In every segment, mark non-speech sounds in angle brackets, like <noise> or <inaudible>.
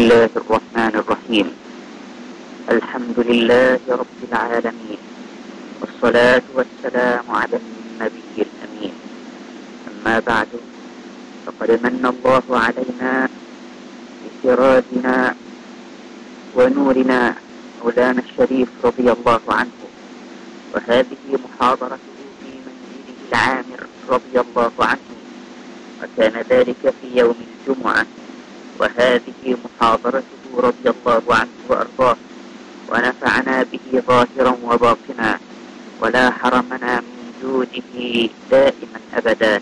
الله الرحمن الرحيم الحمد لله رب العالمين والصلاة والسلام على النبي الأمين أما بعد فقد من الله علينا بسرادنا ونورنا مولانا الشريف رضي الله عنه وهذه محاضرته في منزله العامر رضي الله عنه وكان ذلك في يوم الجمعة وهذه محاضرته رضي الله عنه وأرضاه ونفعنا به ظاهرا وباطنا ولا حرمنا من جوده دائما أبدا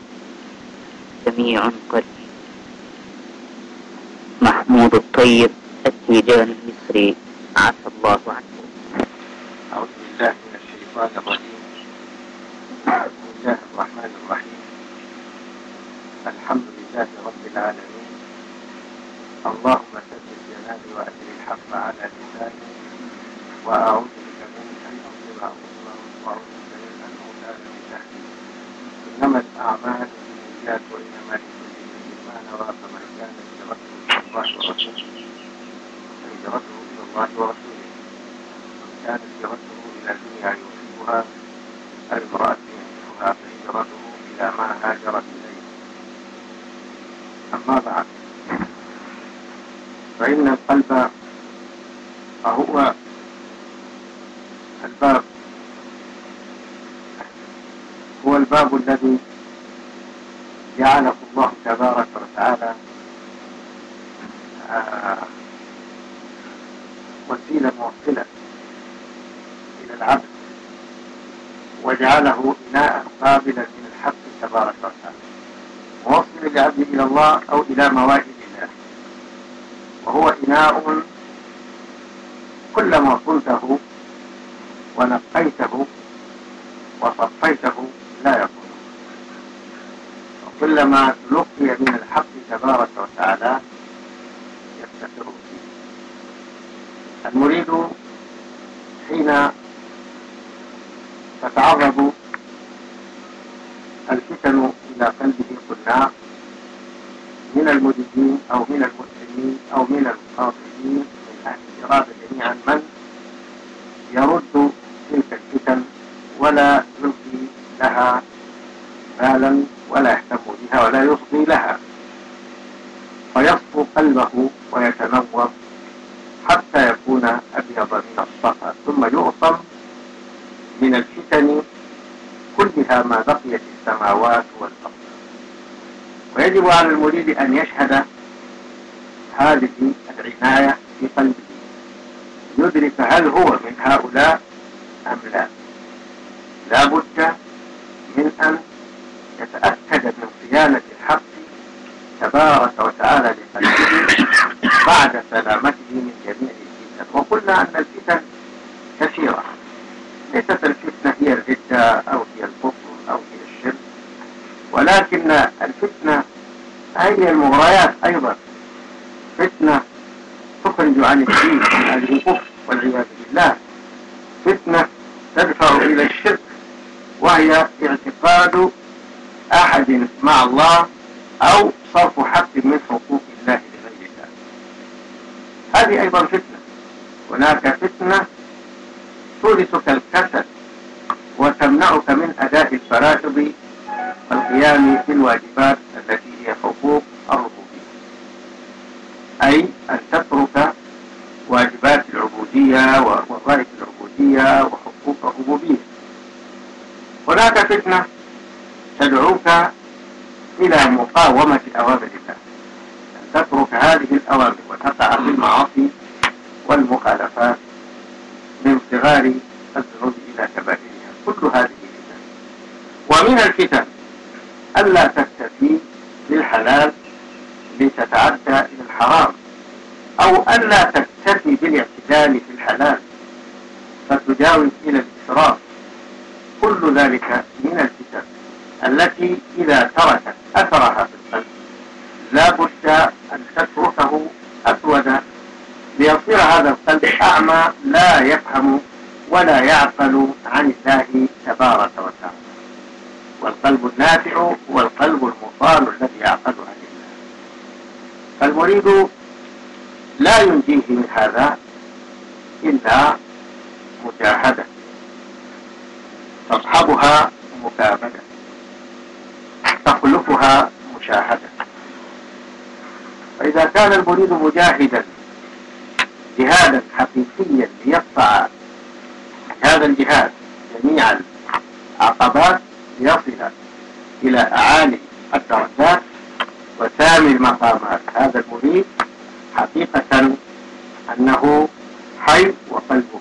سميع قريب محمود الطيب التيجان المصري عفى الله عنه أعوذ بالله من الشيطان الرجيم بسم الله الرحمن الرحيم الحمد لله رب العالمين اللهم سد الجلال وأجر الحق على لساني وأعوذ بك من أن أظلم أظلما وأعوذ بك من أن أغتال بتحديد إنما الأعمال بالنجاه وإنما لكل ما نرى فمن كان هجرته إلى الله ورسوله فهجرته إلى الله ورسوله ومن كان هجرته إلى الدنيا يصيبها المراه امرأة ينكحها فهجرته إلى ما هاجرت فإن القلب فهو الباب هو الباب الذي جعله الله تبارك وتعالى آه، وسيلة موصلة إلى العبد وجعله إناء قابلا من الحق تبارك وتعالى موصل العبد إلى الله أو إلى موائد وهو إناء كلما صنته ونقيته وصفيته لا يكون وكلما تلقي من الحق تبارك وتعالى يفتخر فيه المريد حين تتعرض الفتن إلى قلبه قلنا من المريدين أو من المسلمين المخاطبين أو من المخاطبين من أهل الإرادة جميعا من يرد تلك الفتن ولا يلقي لها بالا ولا يهتم بها ولا يصغي لها فيصفو قلبه ويتنور حتى يكون أبيض من الصفا ثم يعصم من الفتن كلها ما بقيت السماوات والأرض ويجب على المريد أن يشهد هذه العناية في قلبه يدرك هل هو من هؤلاء أم لا لا بد من أن يتأكد من صيانة الحق تبارك وتعالى لقلبه بعد سلامته من جميع الفتن وقلنا أن الفتن كثيرة ليست الفتنة هي الردة أو هي الكفر أو هي الشرك ولكن الفتنة هي المغريات أيضا فتنة تخرج عن الدين من هذه الكفر والعياذ بالله فتنة تدفع إلى الشرك وهي اعتقاد أحد مع الله أو صرف حق من حقوق الله لغير الله هذه أيضا فتنة هناك فتنة تورثك الكسل وتمنعك من أداء الفرائض والقيام بالواجبات التي هي حقوق العبودية ووظائف العبودية وحقوق الربوبية هناك فتنة تدعوك إلى مقاومة أوامر الله أن تترك هذه الأوامر وتقع في المعاصي والمخالفات من صغار الذنوب إلى كبائرها كل هذه فتنة ومن الفتن ألا تكتفي بالحلال لتتعدى إلى الحرام أو ألا تكتفي بالاعتداء الزاني في الحلال فتجاوز إلى الإسراف كل ذلك من الفتن التي إذا تركت أثرها في القلب لا بد أن تتركه أسودا ليصير هذا القلب أعمى لا يفهم ولا يعقل عن الله تبارك وتعالى والقلب النافع هو القلب المطال الذي يعقل عن الله فالمريد لا ينجيه من هذا إلا مجاهدة تصحبها مكابدة تخلفها مشاهدة فإذا كان المريد مجاهدا جهادا حقيقيا ليقطع هذا الجهاد جميع العقبات ليصل إلى أعالي الدرجات وسامي المقامات هذا المريد حقيقة أنه حي وقلبه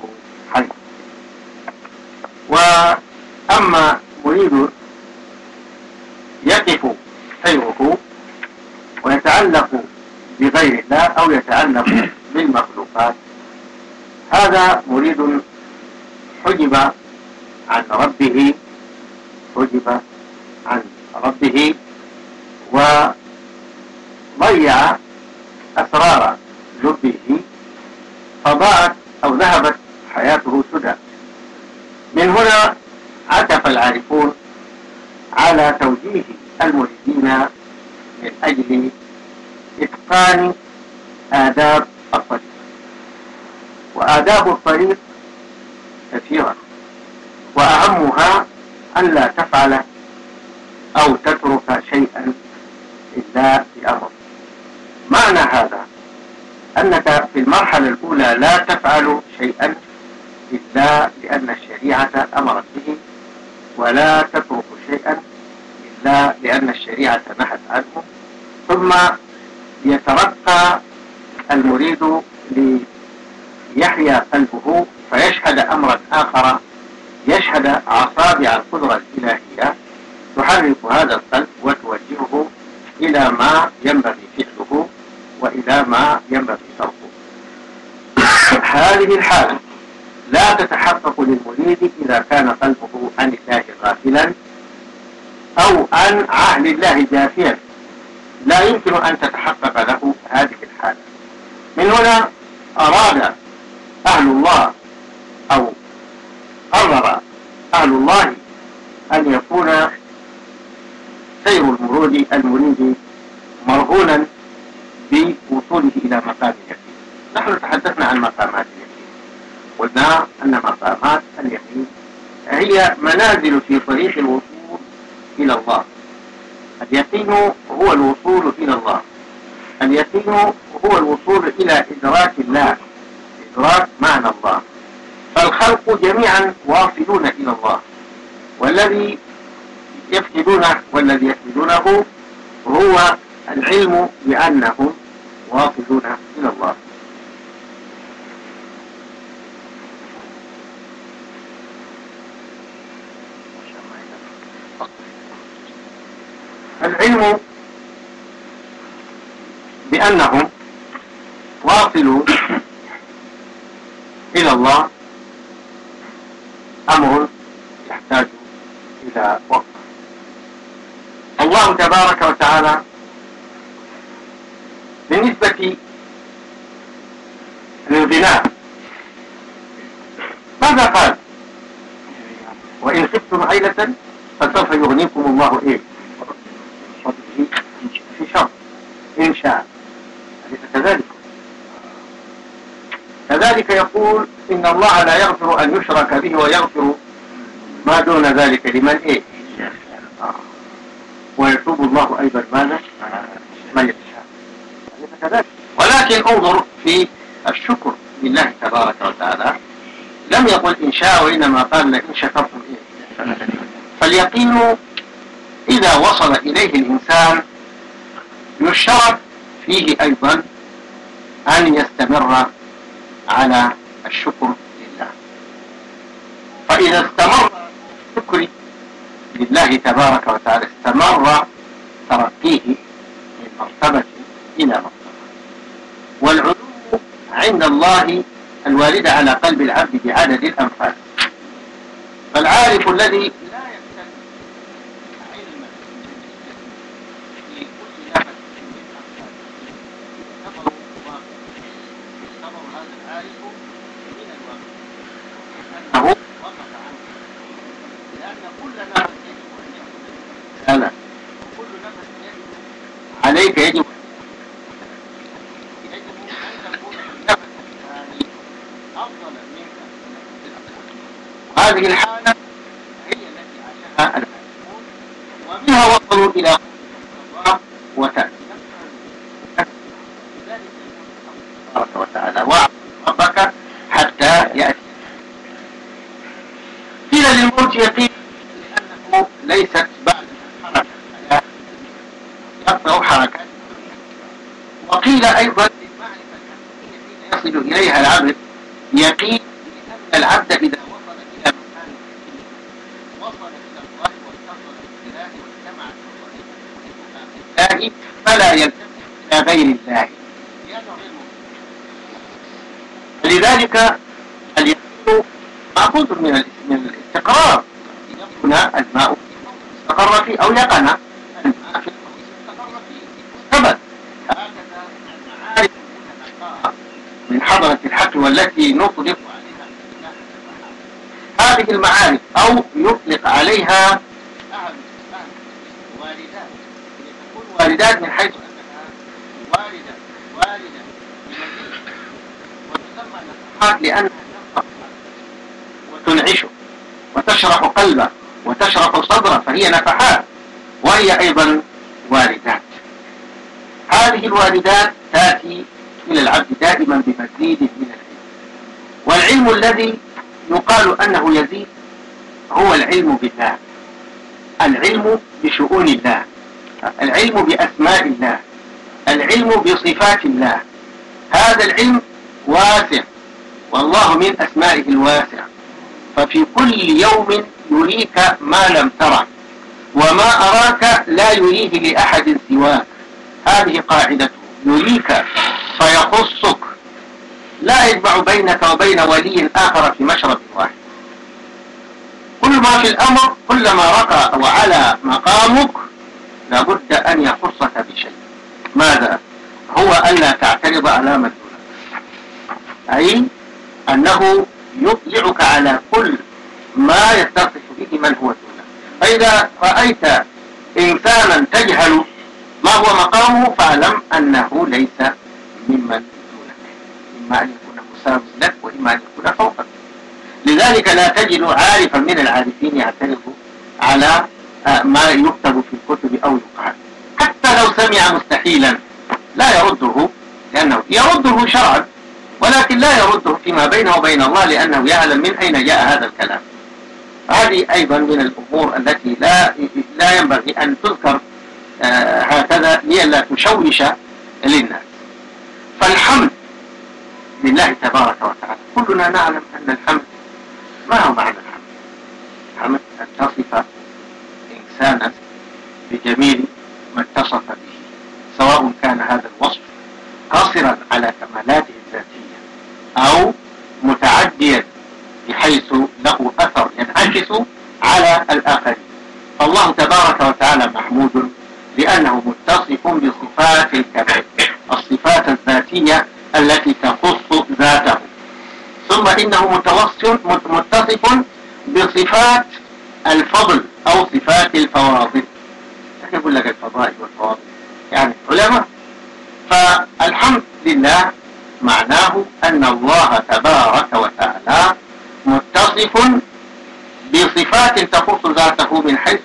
حي وأما مريد يقف سيره ويتعلق بغير الله أو يتعلق بالمخلوقات هذا مريد حجب عن ربه حجب عن ربه وضيع أسرار لبه فضاءت أو ذهبت حياته سدى من هنا عتف العارفون على توجيه المريدين من أجل إتقان آداب الطريق وآداب الطريق كثيرة وأهمها ألا تفعل أو تترك شيئا إلا بأمر معنى هذا أنك في المرحلة الأولى لا تفعل شيئا إلا لأن الشريعة أمرت به ولا تترك شيئا إلا لأن الشريعة نهت عنه ثم يترقى المريد ليحيا قلبه فيشهد أمرا آخر يشهد أصابع القدرة الإلهية تحرك هذا القلب وتوجهه إلى ما ينبغي فعله وإلى ما ينبغي تركه هذه الحالة لا تتحقق للمريد إذا كان قلبه عن الله غافلا أو عن عهد الله جافيا لا يمكن أن تتحقق له هذه الحالة من هنا أراد أهل الله أو قرر أهل الله أن يكون سير المرود المريد مرهونا بوصوله إلى مقام اليقين نحن تحدثنا عن مقامات اليقين قلنا أن مقامات اليقين هي منازل في طريق الوصول إلى الله اليقين هو الوصول إلى الله اليقين هو الوصول إلى إدراك الله إدراك معنى الله فالخلق جميعا واصلون إلى الله والذي يفقدونه والذي يفقدونه هو العلم بأنهم واقفون من الله العلم بأنهم واصلون إلى الله أمر يحتاج إلى وقت الله تبارك وتعالى بالنسبة للغناء ماذا قال وإن خفتم عيلة فسوف يغنيكم الله إيه في شر إن شاء أليس كذلك كذلك يقول إن الله لا يغفر أن يشرك به ويغفر ما دون ذلك لمن إيه ويتوب الله أيضا ماذا لكن انظر في الشكر لله تبارك وتعالى لم يقل إن شاء وإنما قال لئن شكرتم فاليقين إذا وصل إليه الإنسان يشترط فيه أيضا أن يستمر على الشكر لله فإذا استمر الشكر لله تبارك وتعالى استمر ترقيه من مرتبة إلى مرتبة عند الله الوالدة على قلب العبد بعدد الأنفال فالعارف الذي يصل إليها العبد يقين بأن العبد إذا وصل إلى مكان وصل إلى الله واتصل بالله واجتمع بالله فلا يلتفت إلى غير الله لذلك اليقين مأخوذ من الاستقرار يكون الماء استقر فيه أو يقنع من حضرة الحق والتي نطلق عليها هذه المعارف أو يطلق عليها والدات والدات من حيث أنها والدة والدة وتسمى نفحات لأنها وتنعشه وتشرح قلبه وتشرح صدره فهي نفحات وهي أيضا والدات هذه الوالدات تأتي الى العبد دائما بمزيد من العلم والعلم الذي يقال أنه يزيد هو العلم بالله العلم بشؤون الله العلم بأسماء الله العلم بصفات الله هذا العلم واسع والله من أسمائه الواسع ففي كل يوم يريك ما لم ترى وما أراك لا يريه لأحد سواك هذه قاعدته يريك فيخصك لا يجمع بينك وبين ولي آخر في مشرب واحد كل ما في الأمر كلما رقى وعلى مقامك لابد أن يخصك بشيء ماذا؟ هو ألا تعترض على مدونة أي أنه يطلعك على كل ما يتصف به من هو دونه فإذا رأيت إنسانا تجهل ما هو مقامه فاعلم أنه ليس ممن دونك إما أن يكون مساوي لك وإما أن يكون فوقك لذلك لا تجد عارفا من العارفين يعترض على آه، ما يكتب في الكتب أو يقال حتى لو سمع مستحيلا لا يرده لأنه يرده شرعا ولكن لا يرده فيما بينه وبين الله لأنه يعلم من أين جاء هذا الكلام هذه أيضا من الأمور التي لا لا ينبغي أن تذكر آه، هكذا لئلا تشوش للناس فالحمد لله تبارك وتعالى كلنا نعلم أن الحمد ما هو معنى الحمد الحمد أن تصف إنسانا بجميل ما اتصف به سواء كان هذا الوصف قاصرا على كمالاته الذاتية أو متعديا بحيث له أثر ينعكس على الآخرين فالله تبارك وتعالى محمود لأنه متصف متوصف متصف بصفات الفضل أو صفات الفواضل لكن يقول لك الفضائل والفواضل يعني العلماء فالحمد لله معناه أن الله تبارك وتعالى متصف بصفات تخص ذاته من حيث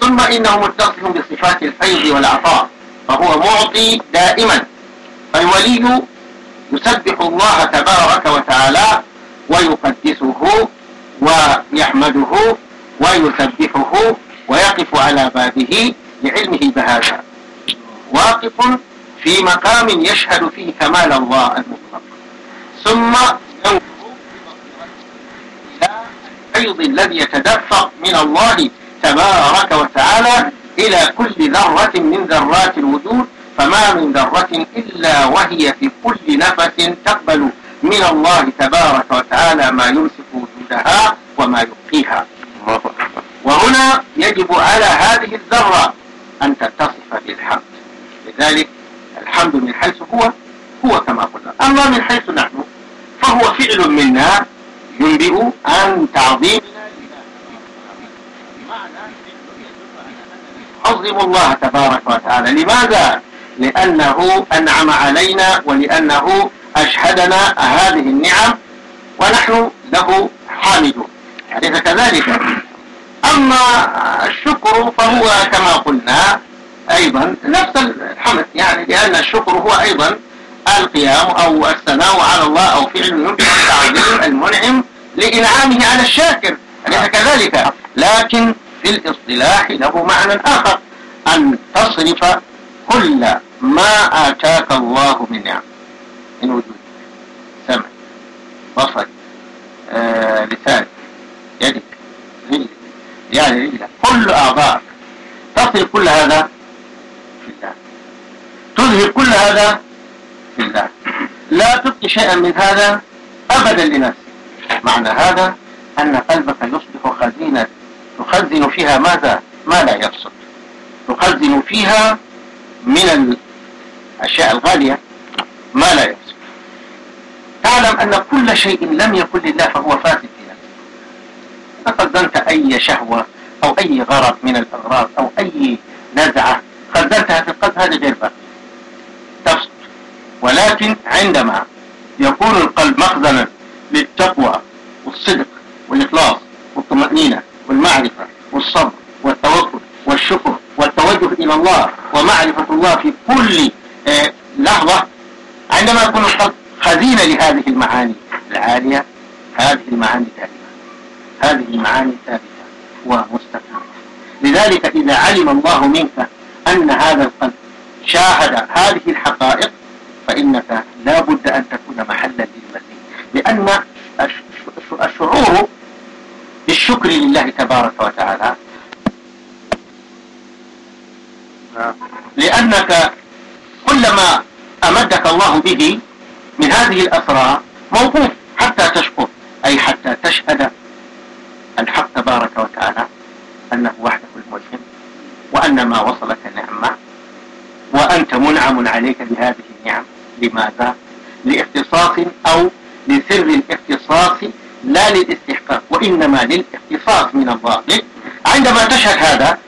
ثم إنه متصف بصفات الفيض والعطاء فهو معطي دائما فالولي يسبح الله تبارك وتعالى ويقدسه ويحمده ويسبحه ويقف على بابه لعلمه بهذا واقف في مقام يشهد فيه كمال الله المطلق ثم ينظر إلى الفيض الذي يتدفق من الله تبارك وتعالى إلى كل ذرة من ذرات الوجود فما من ذرة إلا وهي في كل نفس تقبل من الله تبارك وتعالى ما يمسك وجودها وما يبقيها وهنا يجب على هذه الذرة أن تتصف بالحمد لذلك الحمد من حيث هو هو كما قلنا أما من حيث نحن فهو فعل منا ينبئ عن تعظيم عظم الله تبارك وتعالى لماذا؟ لأنه أنعم علينا ولأنه أشهدنا هذه النعم ونحن له حامدون أليس كذلك أما الشكر فهو كما قلنا أيضا نفس الحمد يعني لأن الشكر هو أيضا القيام أو الثناء على الله أو فعل يمكن التعظيم المنعم لإنعامه على الشاكر أليس كذلك لكن في الاصطلاح له معنى آخر أن تصرف كل ما آتاك الله من نعم من وجودك سمعك بصرك آه، لسانك يدك رجلك يعني رجلك كل أعضاءك تصل كل هذا في الله تظهر كل هذا في الله لا تبقي شيئا من هذا أبدا لنفسك معنى هذا أن قلبك يصبح خزينة تخزن فيها ماذا؟ ما لا يفسد تخزن فيها من الأشياء الغالية ما لا يفسد. تعلم أن كل شيء لم يكن لله فهو فاسد في نفسك فقدمت أي شهوة أو أي غرض من الأغراض أو أي نزعة قدمتها في القلب هذه غير فاسد ولكن عندما يكون القلب مخزنا للتقوى والصدق والإخلاص والطمأنينة والمعرفة والصبر والتوكل والشكر والتوجه إلى الله معرفة الله في كل آه، لحظة عندما يكون القلب خزينة لهذه المعاني العالية هذه المعاني ثابتة هذه المعاني ثابتة ومستقرة لذلك إذا علم الله منك أن هذا القلب شاهد هذه الحقائق فإنك لا بد أن تكون محلا للمزيد لأن الشعور بالشكر لله تبارك وتعالى نعم. لأنك كلما أمدك الله به من هذه الأسرار موقوف حتى تشكر أي حتى تشهد الحق تبارك وتعالى أنه وحده الملهم وأن ما وصلك نعمة وأنت منعم عليك بهذه النعم لماذا؟ لاختصاص أو لسر الاختصاص لا للاستحقاق وإنما للاختصاص من الله عندما تشهد هذا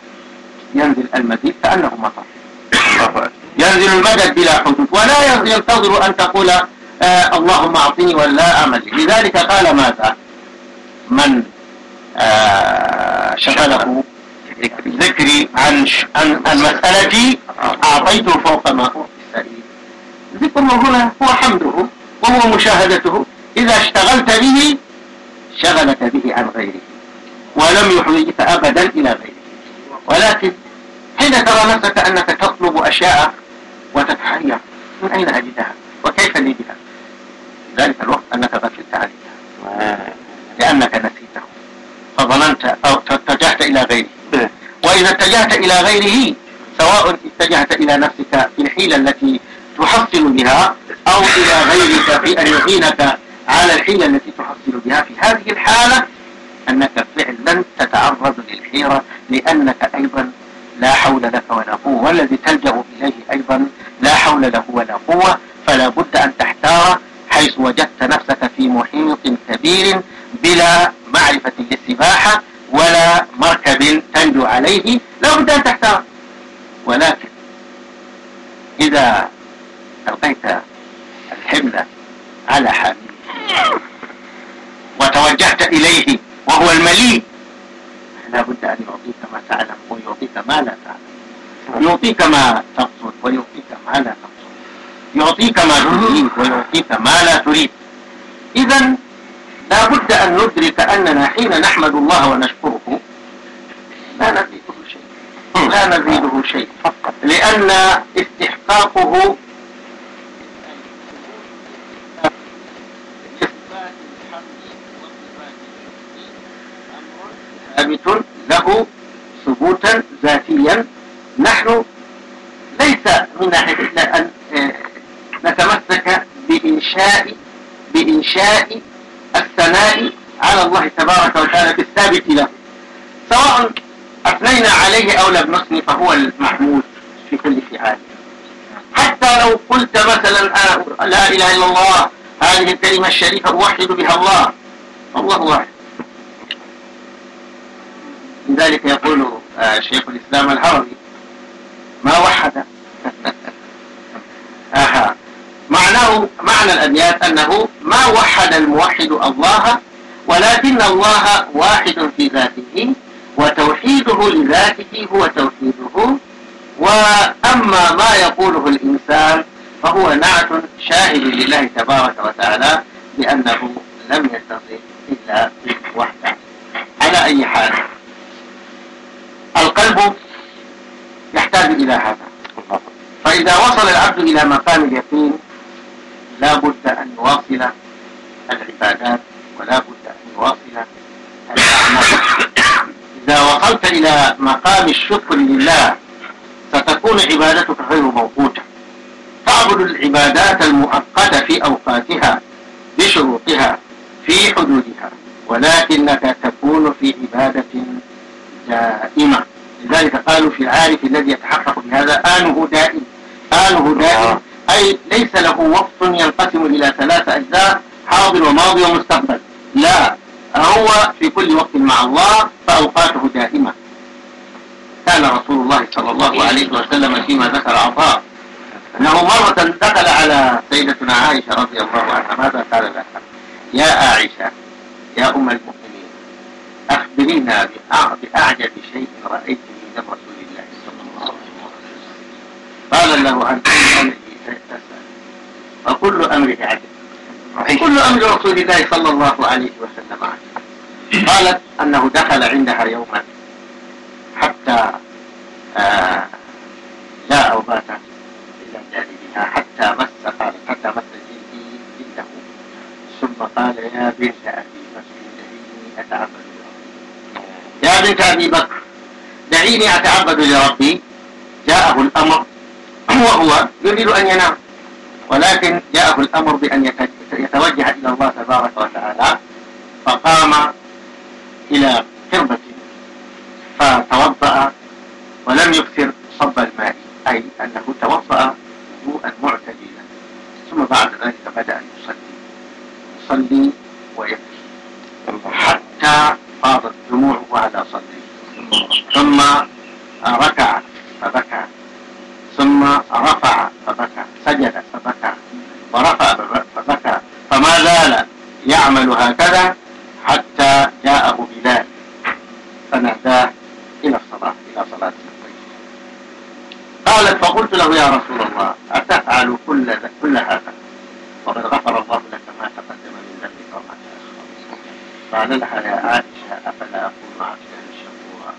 ينزل المزيد كأنه مطر حصلت ينزل المدد بلا حدود ولا ينتظر أن تقول آه اللهم أعطني ولا أملي لذلك قال ماذا من آه، شغله ذكري عن عن مسألتي أعطيته فوق ما أعطي ذكر هنا هو حمده وهو مشاهدته إذا اشتغلت به شغلك به عن غيره ولم يحوجك أبدا إلى غيره ولكن أين ترى نفسك أنك تطلب أشياء وتتحير من أين أجدها وكيف لي بها ذلك الوقت أنك غفلت عليها لأنك نسيته فظننت أو اتجهت إلى غيره وإذا اتجهت إلى غيره سواء اتجهت إلى نفسك في الحيلة التي تحصل بها أو إلى غيرك في أن يعينك على الحيلة التي تحصل بها في هذه الحالة أنك فعلا تتعرض للحيرة لأنك أيضا لا حول لك ولا قوة والذي تلجأ إليه أيضا لا حول له ولا قوة فلا بد أن تحتار حيث وجدت نفسك في محيط كبير بلا معرفة للسباحة ولا مركب تنجو عليه لا بد أن تحتار ولكن إذا ألقيت الحمل على حامله وتوجهت إليه وهو المليء لا بد أن يعطيك ما تعلم ويعطيك ما لا تعلم يعطيك ما تقصد ويعطيك ما لا تقصد يعطيك ما تريد ويعطيك ما لا تريد إذا لا بد أن ندرك أننا حين نحمد الله ونشكره لا نزيده شيء لا نزيده شيء فقط لأن استحقاقه ثابت له ثبوتا ذاتيا نحن ليس من ناحية أن آه، نتمسك بإنشاء بإنشاء الثناء على الله تبارك وتعالى بالثابت له سواء أثنينا عليه أو لم نثني فهو المحمود في كل فعال حتى لو قلت مثلا آه، لا إله إلا الله هذه الكلمة الشريفة أوحد بها الله الله واحد لذلك يقول آه، شيخ الإسلام العربي ما وحد <laughs> آها معناه معنى الأبيات أنه ما وحد الموحد الله ولكن الله واحد في ذاته وتوحيده لذاته هو توحيده وأما ما يقوله الإنسان فهو نعت شاهد لله تبارك وتعالى بأنه لم يستطع إلا وحده على أي حال القلب يحتاج إلى هذا فإذا وصل العبد إلى مقام اليقين لا بد أن يواصل العبادات ولا بد أن يواصل الأعمال إذا وصلت إلى مقام الشكر لله ستكون عبادتك غير موقوتة تعبد العبادات المؤقتة في أوقاتها بشروطها في حدودها ولكنك تكون في عبادة دائمة لذلك قالوا في العارف الذي يتحقق بهذا آله دائم آله دائم أي ليس له وقت ينقسم إلى ثلاث أجزاء حاضر وماضي ومستقبل لا هو في كل وقت مع الله فأوقاته دائمة كان رسول الله صلى الله عليه وسلم فيما ذكر عطاء أنه مرة دخل على سيدتنا عائشة رضي الله عنها ماذا قال لها يا عائشة يا أم المؤمنين وأشبهها بأعجب شيء رأيته من رسول الله صلى الله عليه وسلم قال له عن كل أمره فاسأل وكل أمره عجب كل أمر رسول الله صلى الله عليه وسلم عجب قالت أنه دخل عندها يوما حتى جاء آه، أو بات إلى جانبها حتى مس قال حتى مس جلدي جلده ثم قال يا بنت أبي مسجد أتعبد يا بنت أبي بكر دعيني أتعبد لربي جاءه الأمر <clears throat> وهو يريد أن ينام ولكن جاءه الأمر بأن يتوجه إلى الله تبارك وتعالى فقام إلى قربة فتوضأ ولم يكثر صب الماء أي أنه توضأ وضوءا معتدلا ثم بعد ذلك بدأ أن يصلي يصلي ويبكي حتى فاضت دموعه على صدره ثم ركع فبكى ثم رفع فبكى سجد فبكى ورفع فبكى فما زال يعمل هكذا حتى جاءه بلال فناداه إلى الصلاة إلى صلاة قالت فقلت له يا رسول الله أتفعل كل كل هذا وقد غفر الله لك ما تقدم من ذنبك وما تأخر قال لها يا عائشه أكون عبدا شكورا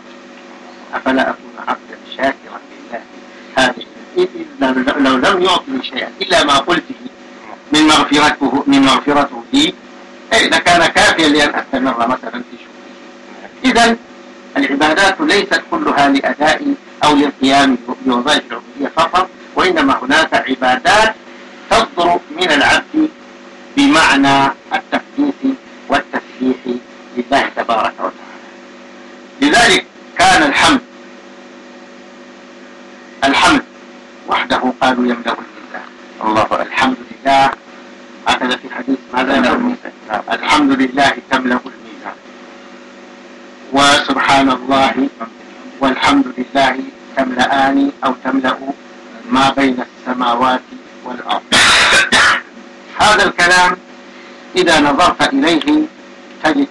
أفلا أكون عبدا شاكرا لله هذه لو لم يعطني شيئا إلا ما قلته من مغفرته من مغفرته لي لكان كافيا لأن أستمر مثلا في شكري إذا العبادات ليست كلها لأداء أو للقيام بوظائف العبودية فقط وإنما هناك عبادات تصدر من العبد بمعنى إذا نظرت إليه تجد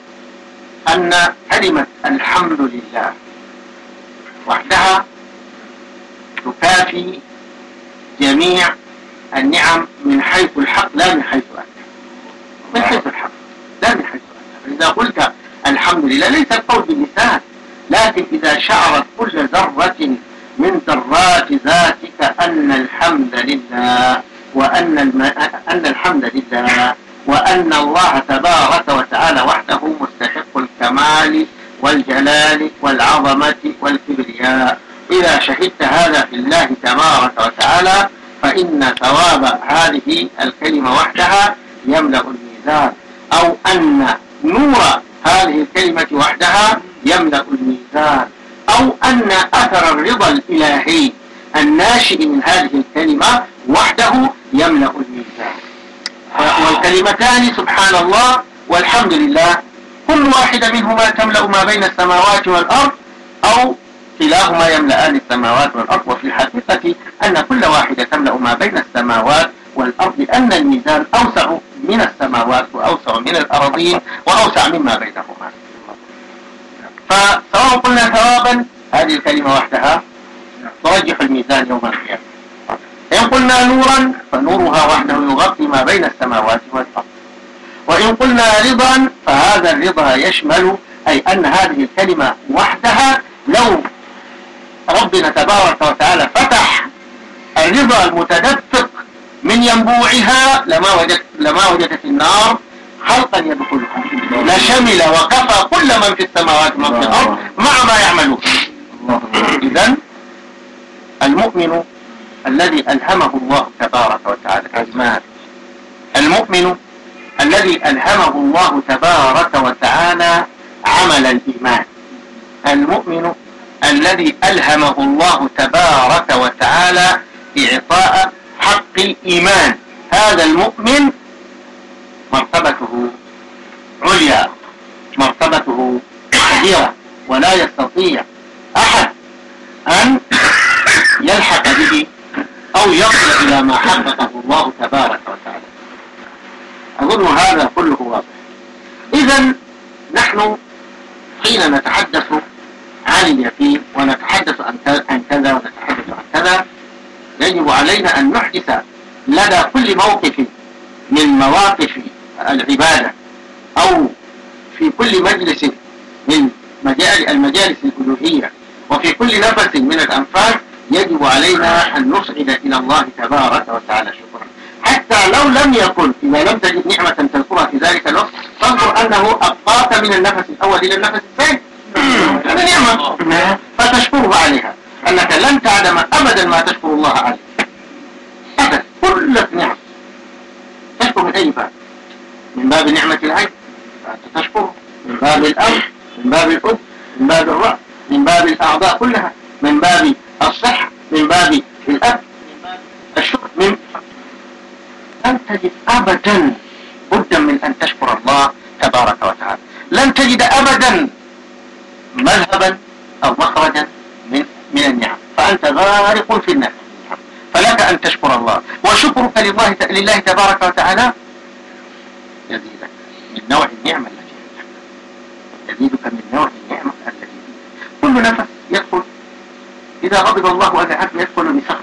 أن كلمة الحمد لله وحدها تكافي جميع النعم من حيث الحق لا من حيث أنت من حيث الحق لا من حيث أنت فإذا قلت الحمد لله ليس القول باللسان لكن إذا شعرت كل ذرة من ذرات ذاتك أن الحمد لله وأن الم... أن الحمد لله وأن الله تبارك وتعالى وحده مستحق الكمال والجلال والعظمة والكبرياء إذا شهدت هذا في الله تبارك وتعالى فإن ثواب هذه الكلمة وحدها يملأ الميزان أو أن نور هذه الكلمة وحدها يملأ الميزان أو أن أثر الرضا الإلهي الناشئ من هذه الكلمة وحده يملأ الميزان والكلمتان سبحان الله والحمد لله كل واحدة منهما تملأ ما بين السماوات والأرض أو كلاهما يملأان السماوات والأرض وفي الحقيقة أن كل واحدة تملأ ما بين السماوات والأرض لأن الميزان أوسع من السماوات وأوسع من الأراضين وأوسع مما بينهما فسواء قلنا ثوابا هذه الكلمة وحدها ترجح الميزان يوم القيامة وإن قلنا نورا فنورها وحده يغطي ما بين السماوات والأرض وإن قلنا رضا فهذا الرضا يشمل أي أن هذه الكلمة وحدها لو ربنا تبارك وتعالى فتح الرضا المتدفق من ينبوعها لما وجدت, لما وجدت النار خلقا يدخلها لشمل وكفى كل من في السماوات ومن في الأرض مع ما يعملون إذا المؤمن الذي ألهمه الله تبارك وتعالى أجمال المؤمن الذي ألهمه الله تبارك وتعالى عمل الإيمان المؤمن الذي ألهمه الله تبارك وتعالى إعطاء حق الإيمان هذا المؤمن مرتبته عليا مرتبته كبيرة ولا يستطيع أحد أن يلحق به أو يصل إلى ما حققه الله تبارك وتعالى أظن هذا كله واضح إذا نحن حين نتحدث عن اليقين ونتحدث عن كذا ونتحدث عن كذا يجب علينا أن نحدث لدى كل موقف من مواقف العبادة أو في كل مجلس من مجال المجالس الألوهية وفي كل نفس من الأنفاس يجب علينا أن نصعد إلى الله تبارك وتعالى شكرا حتى لو لم يكن إذا لم تجد نعمة تذكرها في ذلك الوقت فانظر أنه أبقاك من النفس الأول إلى النفس الثاني هذا نعمة فتشكره عليها أنك لن تعلم أبدا ما تشكر الله عليه أبدا كل نعمة تشكر من أي باب من باب نعمة العين فأنت تشكره من باب الأمر من باب الأذن من باب الرأس من باب الأعضاء كلها من باب الصح من باب الأب الشكر من لن تجد أبدا بدا من أن تشكر الله تبارك وتعالى لن تجد أبدا مذهبا أو مخرجا من من النعم فأنت غارق في النعم فلك أن تشكر الله وشكرك لله لله تبارك وتعالى يزيدك من نوع النعمة التي يزيدك من نوع النعمة التي كل نفس يدخل إذا غضب الله أجعل يدخل النساء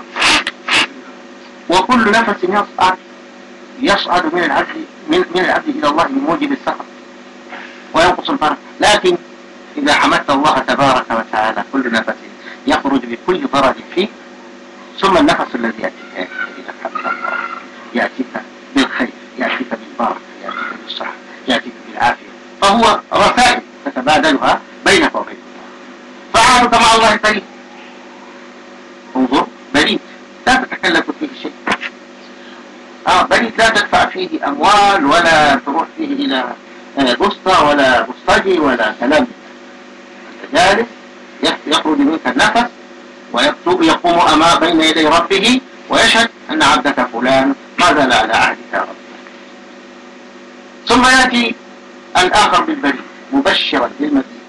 وكل نفس يصعد يصعد من العبد من, من العبد إلى الله بموجب السخط وينقص الفرح لكن إذا حمدت الله تبارك وتعالى كل نفس يخرج بكل ضرر فيه ثم النفس الذي يأتيك إذا حمدت الله يأتيك بالخير يأتيك بالبركة يأتيك بالصحة يأتيك بالعافية فهو رسائل تتبادلها بينك وبين الله فعارض مع الله فريق فيه أموال ولا تروح فيه إلى آه، بسطة ولا بسطجي ولا كلام أنت جالس يخرج منك النفس ويقوم أمام بين يدي ربه ويشهد أن عبدك فلان قذل على عهدك ربك ثم يأتي الآخر بالبريد مبشرا بالمزيد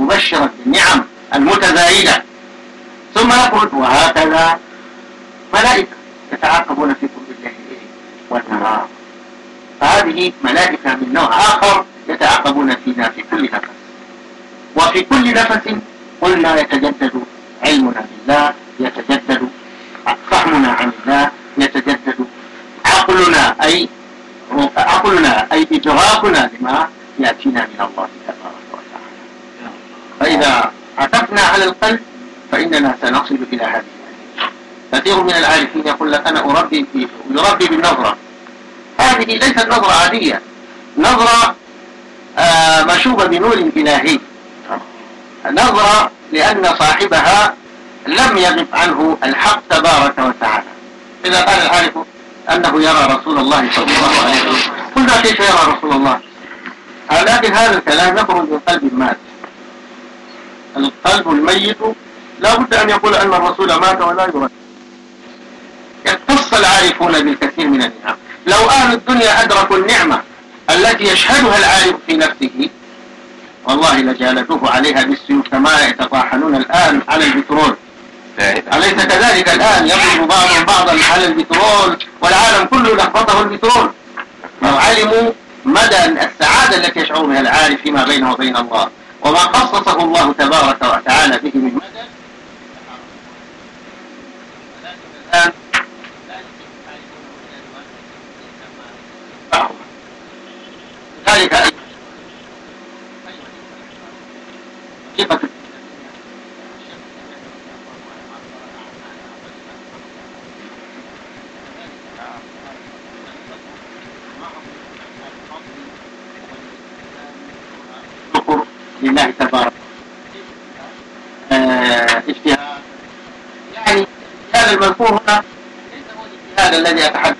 مبشرا بالنعم المتزايدة ثم يخرج وهكذا ملائكة يتعاقبون في كل الليل والنهار هذه ملائكة من نوع آخر يتعاقبون فينا في كل نفس وفي كل نفس قلنا يتجدد علمنا بالله يتجدد فهمنا عن الله يتجدد عقلنا أي عقلنا أي إدراكنا لما يأتينا من الله تبارك وتعالى فإذا عطفنا على القلب فإننا سنصل إلى هذه كثير من العارفين يقول لك أنا أربي يربي بالنظرة هذه ليست نظرة عادية نظرة آه، مشوبة بنور إلهي نظرة لأن صاحبها لم يغب عنه الحق تبارك وتعالى إذا قال العارف أنه يرى رسول الله صلى الله عليه وسلم قلنا كيف يرى رسول الله لكن هذا الكلام يخرج من قلب مات القلب الميت لا بد أن يقول أن الرسول مات ولا يرى يتصل العارفون بالكثير من النعم لو أهل الدنيا أدركوا النعمة التي يشهدها العالم في نفسه والله لجالدوه عليها بالسيوف كما يتطاحنون الآن على البترول أليس كذلك الآن يضرب بعضهم بعضا على البترول والعالم كله لخبطه البترول لو علموا مدى السعادة التي يشعر بها العارف فيما بينه وبين الله وما خصصه الله تبارك وتعالى به من مدى ذلك كيف لله تبارك اجتهاد آه، يعني هذا المذكور هنا ليس هو الاجتهاد الذي اتحدث